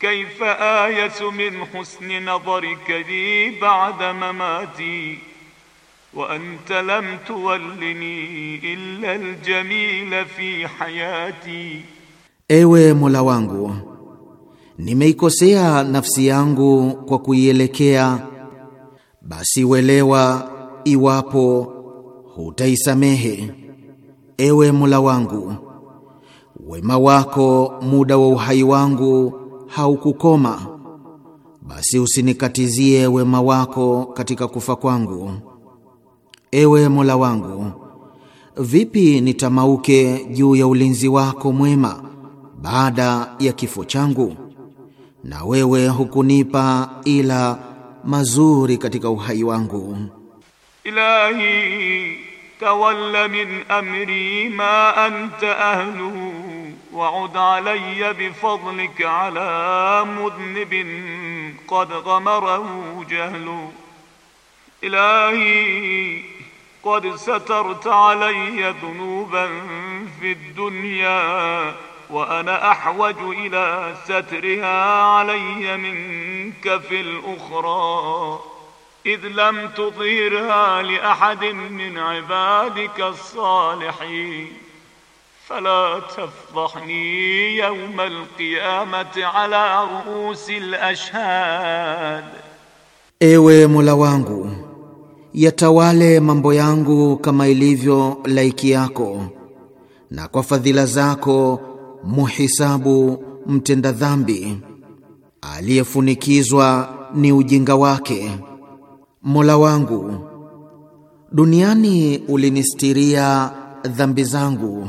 كيف آيس من حسن نظرك لي بعد مماتي وأنت لم تولني
إلا الجميل في حياتي أيوة مولا wangu nimeikosea nafsi yangu kwa kuielekea, basi welewa iwapo hutaisamehe. Ewe Mola wangu, wema wako muda wa uhai wangu haukukoma, basi usinikatizie wema wako katika kufa kwangu. Ewe Mola wangu, vipi nitamauke juu ya ulinzi wako mwema baada ya kifo changu? na wewe hukunipa ila mazuri katika uhai wangu.
Ilahi tawalla min amri ma anta ahluhu waud alayya bifadlika ala mudhnibin qad ghamarahu jahlu ilahi qad satarta alayya dhunuban fi dunya wa ana ahwaju ila satriha alayya minka fil ukhra idh lam tudhirha li ahadin min ibadika salihin fala tafdhahni yawma al ala
ruusi al ewe Mola wangu yatawale mambo yangu kama ilivyo laiki yako na kwa fadhila zako muhisabu mtenda dhambi, aliyefunikizwa ni ujinga wake. Mola wangu, duniani ulinistiria dhambi zangu,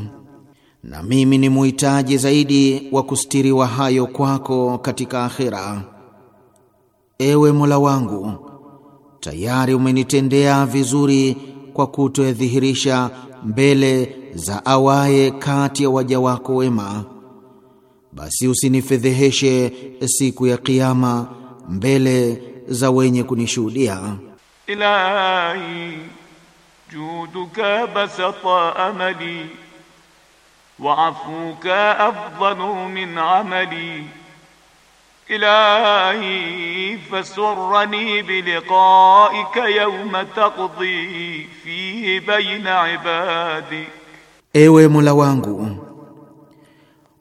na mimi ni muhitaji zaidi wa kustiriwa hayo kwako katika akhira. Ewe Mola wangu, tayari umenitendea vizuri kwa kutoyadhihirisha mbele za awaye kati ya waja wako wema, basi usinifedheheshe siku ya Kiyama mbele za wenye kunishuhudia.
Ilahi juduka basata amali wa afuka afdalu min amali Ilahi fasurrani biliqaika
yawma taqdi fihi bayna ibadi Ewe Mola wangu,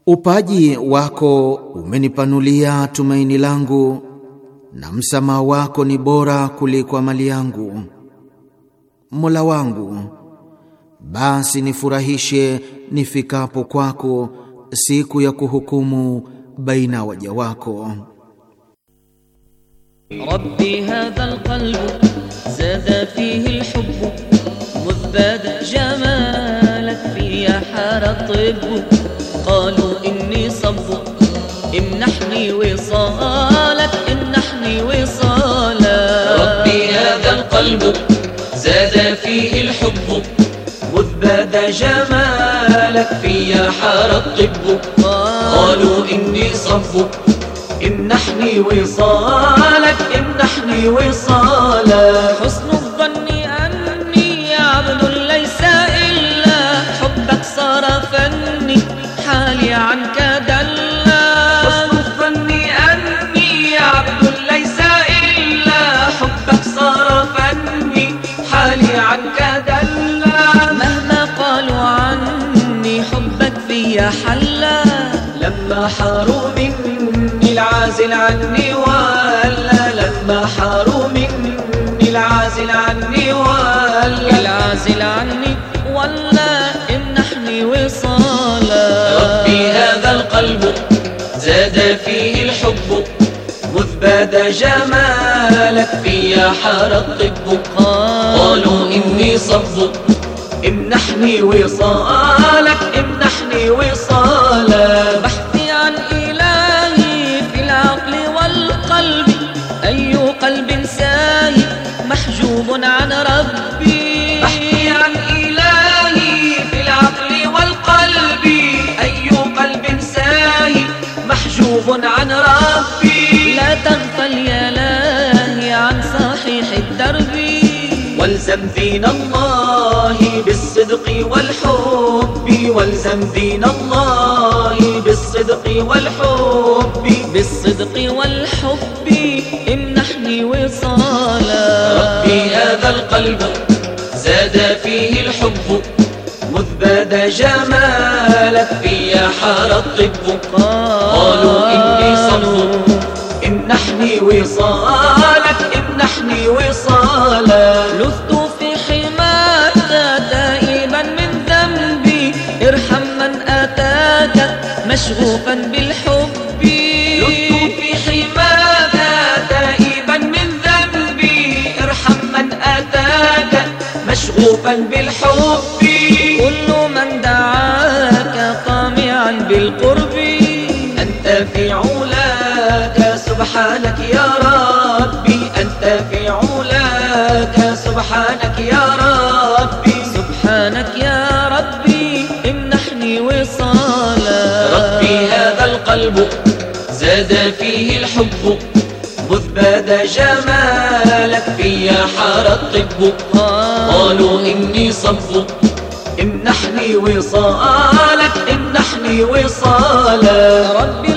upaji wako umenipanulia tumaini langu, na msamaha wako ni bora kuliko mali yangu. Mola wangu, basi nifurahishe nifikapo kwako siku ya kuhukumu baina waja wako.
Rabbi hadha alqalb zada fihi alhubb mudbad jamal طب قالوا إني صب امنحني وصالك امنحني وصالك ربي هذا القلب زاد فيه الحب مذ جمالك في حار الطب قالوا إني صب امنحني وصالك امنحني وصالك حسن الظن عنك دلال وصف ظني أني عبد ليس إلا حبك صار فني حالي عنك دلال مهما قالوا عني حبك في حلا لما حاروا مني العازل عني ولا لما حاروا مني العازل عني ولا العازل عني فيه الحب مذ بدا جمالك في يا حار الطب قالوا إني صب امنحني وصالك امنحني وصالك دين الله بالصدق والحب والزم دين الله بالصدق والحب بالصدق والحب امنحني وصالا ربي هذا القلب زاد فيه الحب مذ بدا جمالك في حار الطب قالوا إني صنف امنحني وصالك امنحني وصالا لست مشغوقا بالحب لطفي تائبا من ذنبي ارحم من أتاك بالحب كل من دعاك طامعا بالقرب أنت في علاك سبحانك يا ربي أنت في علاك سبحانك يا ربي بدا فيه الحب خذ بدا جمالك في حار الطب قالوا إني صب امنحني وصالك امنحني وصالك ربي